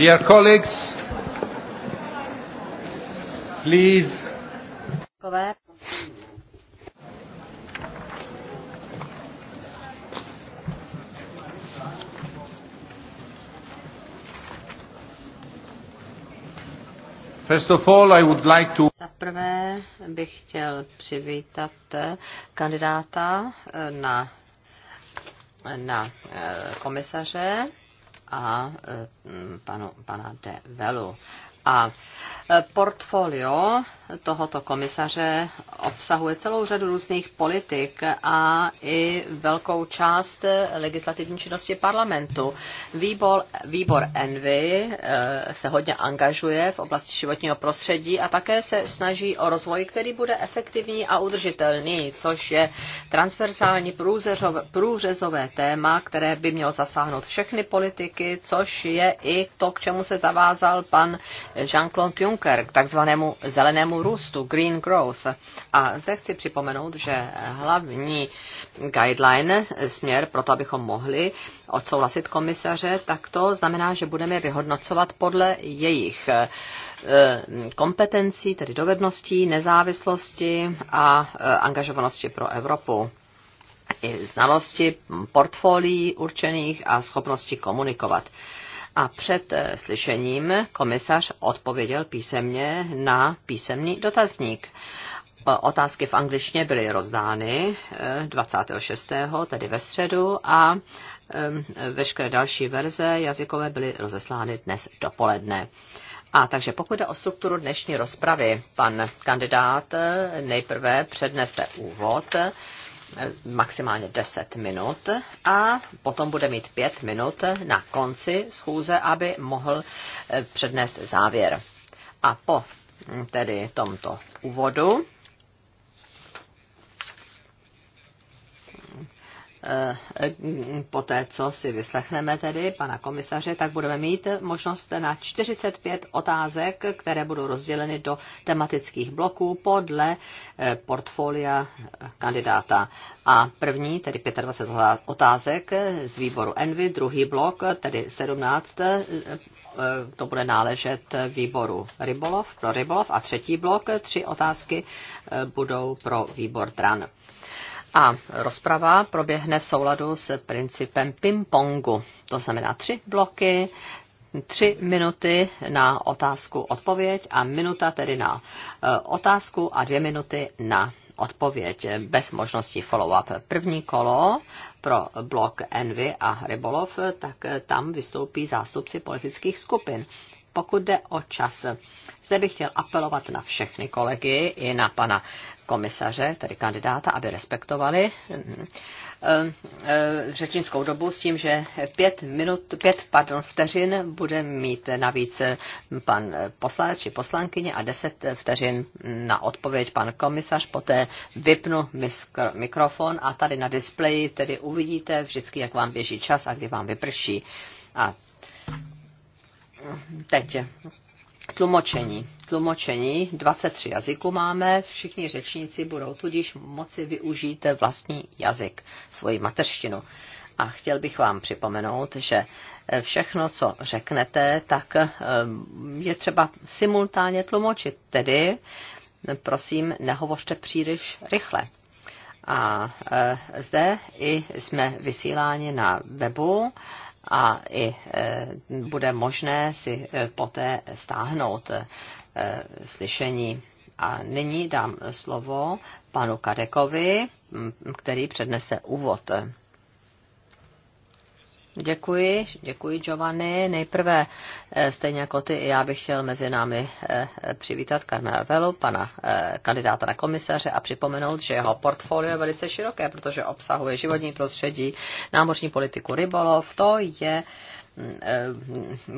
Dear colleagues, please. First of all, I would like to... Za prvé bych chtěl přivítat eh, kandidáta eh, na, na eh, komisaře a eh, panu, pana De Velu. A e, portfolio tohoto komisaře obsahuje celou řadu různých politik a i velkou část legislativní činnosti parlamentu. Výbor, výbor Envy e, se hodně angažuje v oblasti životního prostředí a také se snaží o rozvoj, který bude efektivní a udržitelný, což je transversální průřezové, průřezové téma, které by mělo zasáhnout všechny politiky, což je i to, k čemu se zavázal pan Jean-Claude Juncker k takzvanému zelenému růstu, green growth. A zde chci připomenout, že hlavní guideline, směr pro to, abychom mohli odsouhlasit komisaře, tak to znamená, že budeme vyhodnocovat podle jejich eh, kompetencí, tedy dovedností, nezávislosti a eh, angažovanosti pro Evropu i znalosti portfolií určených a schopnosti komunikovat. A před eh, slyšením komisař odpověděl písemně na písemný dotazník. Otázky v angličtině byly rozdány 26. Eh, tedy ve středu a veškeré další verze jazykové byly rozeslány dnes dopoledne. A takže pokud jde o strukturu dnešní rozpravy, pan kandidát eh, nejprve přednese úvod Eh, maximálně 10 minut a potom bude mít 5 minut na konci schůze, aby mohl eh, přednést závěr. A po hm, tedy tomto úvodu Eh, poté, co si vyslechneme tedy pana komisaře, tak budeme mít možnost na 45 otázek, které budou rozděleny do tematických bloků podle eh, portfolia eh, kandidáta. A první, tedy 25 otázek z výboru Envy, druhý blok, tedy 17 to bude náležet výboru rybolov, pro rybolov a třetí blok, tři otázky budou pro výbor TRAN. A rozprava proběhne v souladu s principem ping-pongu. To znamená tři bloky, tři minuty na otázku odpověď a minuta tedy na eh, otázku a dvě minuty na odpověď bez možnosti follow-up. První kolo pro blok Envy a Rybolov, tak tam vystoupí zástupci politických skupin. Pokud jde o čas, zde bych chtěl apelovat na všechny kolegy i na pana komisaře, tedy kandidáta, aby respektovali mhm, eh, eh, řečnickou dobu s tím, že pět, minut, pět pardon, vteřin bude mít navíc pan poslanec či poslankyně a deset vteřin na odpověď pan komisař. Poté vypnu mikrofon a tady na displeji tedy uvidíte vždycky, jak vám běží čas a kdy vám vyprší. A teď tlumočení. Tlumočení 23 jazyků máme, všichni řečníci budou tudíž moci využít vlastní jazyk, svoji mateřštinu. A chtěl bych vám připomenout, že všechno, co řeknete, tak eh, je třeba simultánně tlumočit. Tedy, prosím, nehovořte příliš rychle. A eh, zde i jsme vysíláni na webu a i e, bude možné si e, poté stáhnout e, slyšení. A nyní dám slovo panu Kadekovi, který přednese úvod Děkuji, děkuji Giovanni. Nejprve, eh, stejně jako ty, já bych chtěl mezi námi eh, přivítat Carmela Velu, pana eh, kandidáta na komisaře a připomenout, že jeho portfolio je velice široké, protože obsahuje životní prostředí, námořní politiku rybolov. To je Eh,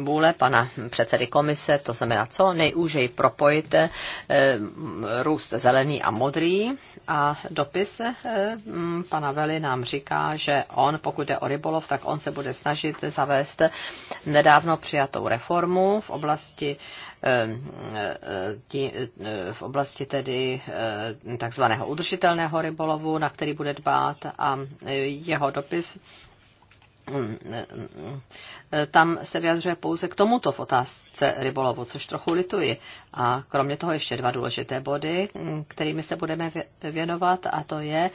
vůle pana předsedy komise, to znamená co nejúžej propojit eh, růst zelený a modrý. A dopis eh, mm, pana Veli nám říká, že on, pokud jde o rybolov, tak on se bude snažit zavést nedávno přijatou reformu v oblasti v oblasti tedy takzvaného udržitelného rybolovu, na který bude dbát a jeho dopis tam se vyjadřuje pouze k tomuto v otázce rybolovu, což trochu lituji. A kromě toho ještě dva důležité body, kterými se budeme věnovat, a to je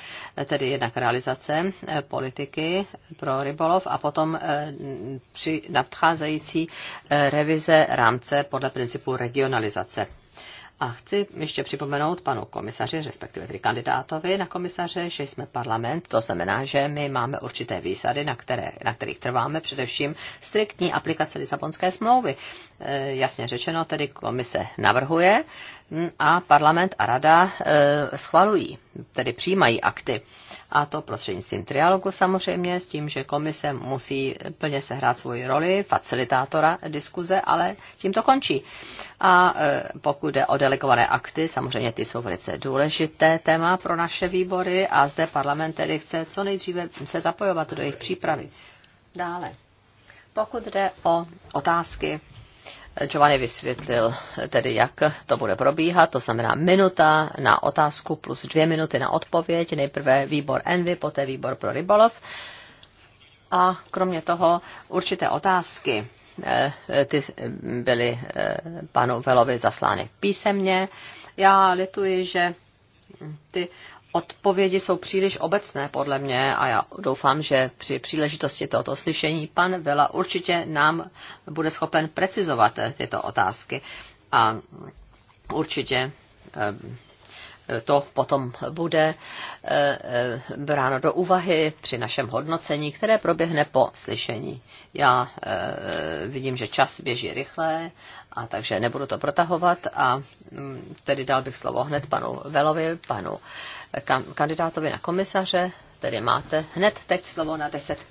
tedy jednak realizace eh, politiky pro rybolov a potom eh, při nadcházející eh, revize rámce podle principu regionalizace. A chci ještě připomenout panu komisaři, respektive tedy kandidátovi na komisaře, že jsme parlament, to znamená, že my máme určité výsady, na, které, na kterých trváme, především striktní aplikace Lisabonské smlouvy. E, jasně řečeno, tedy komise navrhuje a parlament a rada e, schvalují, tedy přijímají akty a to prostřednictvím trialogu samozřejmě, s tím, že komise musí plně sehrát svoji roli facilitátora diskuze, ale tím to končí. A e, pokud jde o delegované akty, samozřejmě ty jsou velice důležité téma pro naše výbory a zde parlament tedy chce co nejdříve se zapojovat do jejich přípravy. Dále, pokud jde o otázky Giovanni vysvětlil tedy, jak to bude probíhat, to znamená minuta na otázku plus dvě minuty na odpověď, nejprve výbor Envy, poté výbor pro rybolov. A kromě toho určité otázky, eh, ty byly eh, panu Velovi zaslány písemně. Já lituji, že ty odpovědi jsou příliš obecné podle mě a já doufám, že při příležitosti tohoto slyšení pan Vela určitě nám bude schopen precizovat eh, tyto otázky a určitě eh, to potom bude eh, eh, bráno do úvahy při našem hodnocení, které proběhne po slyšení. Já eh, vidím, že čas běží rychle, a takže nebudu to protahovat a mm, tedy dal bych slovo hned panu Velovi, panu kandidátovi na komisaře, tedy máte hned teď slovo na 10 minut.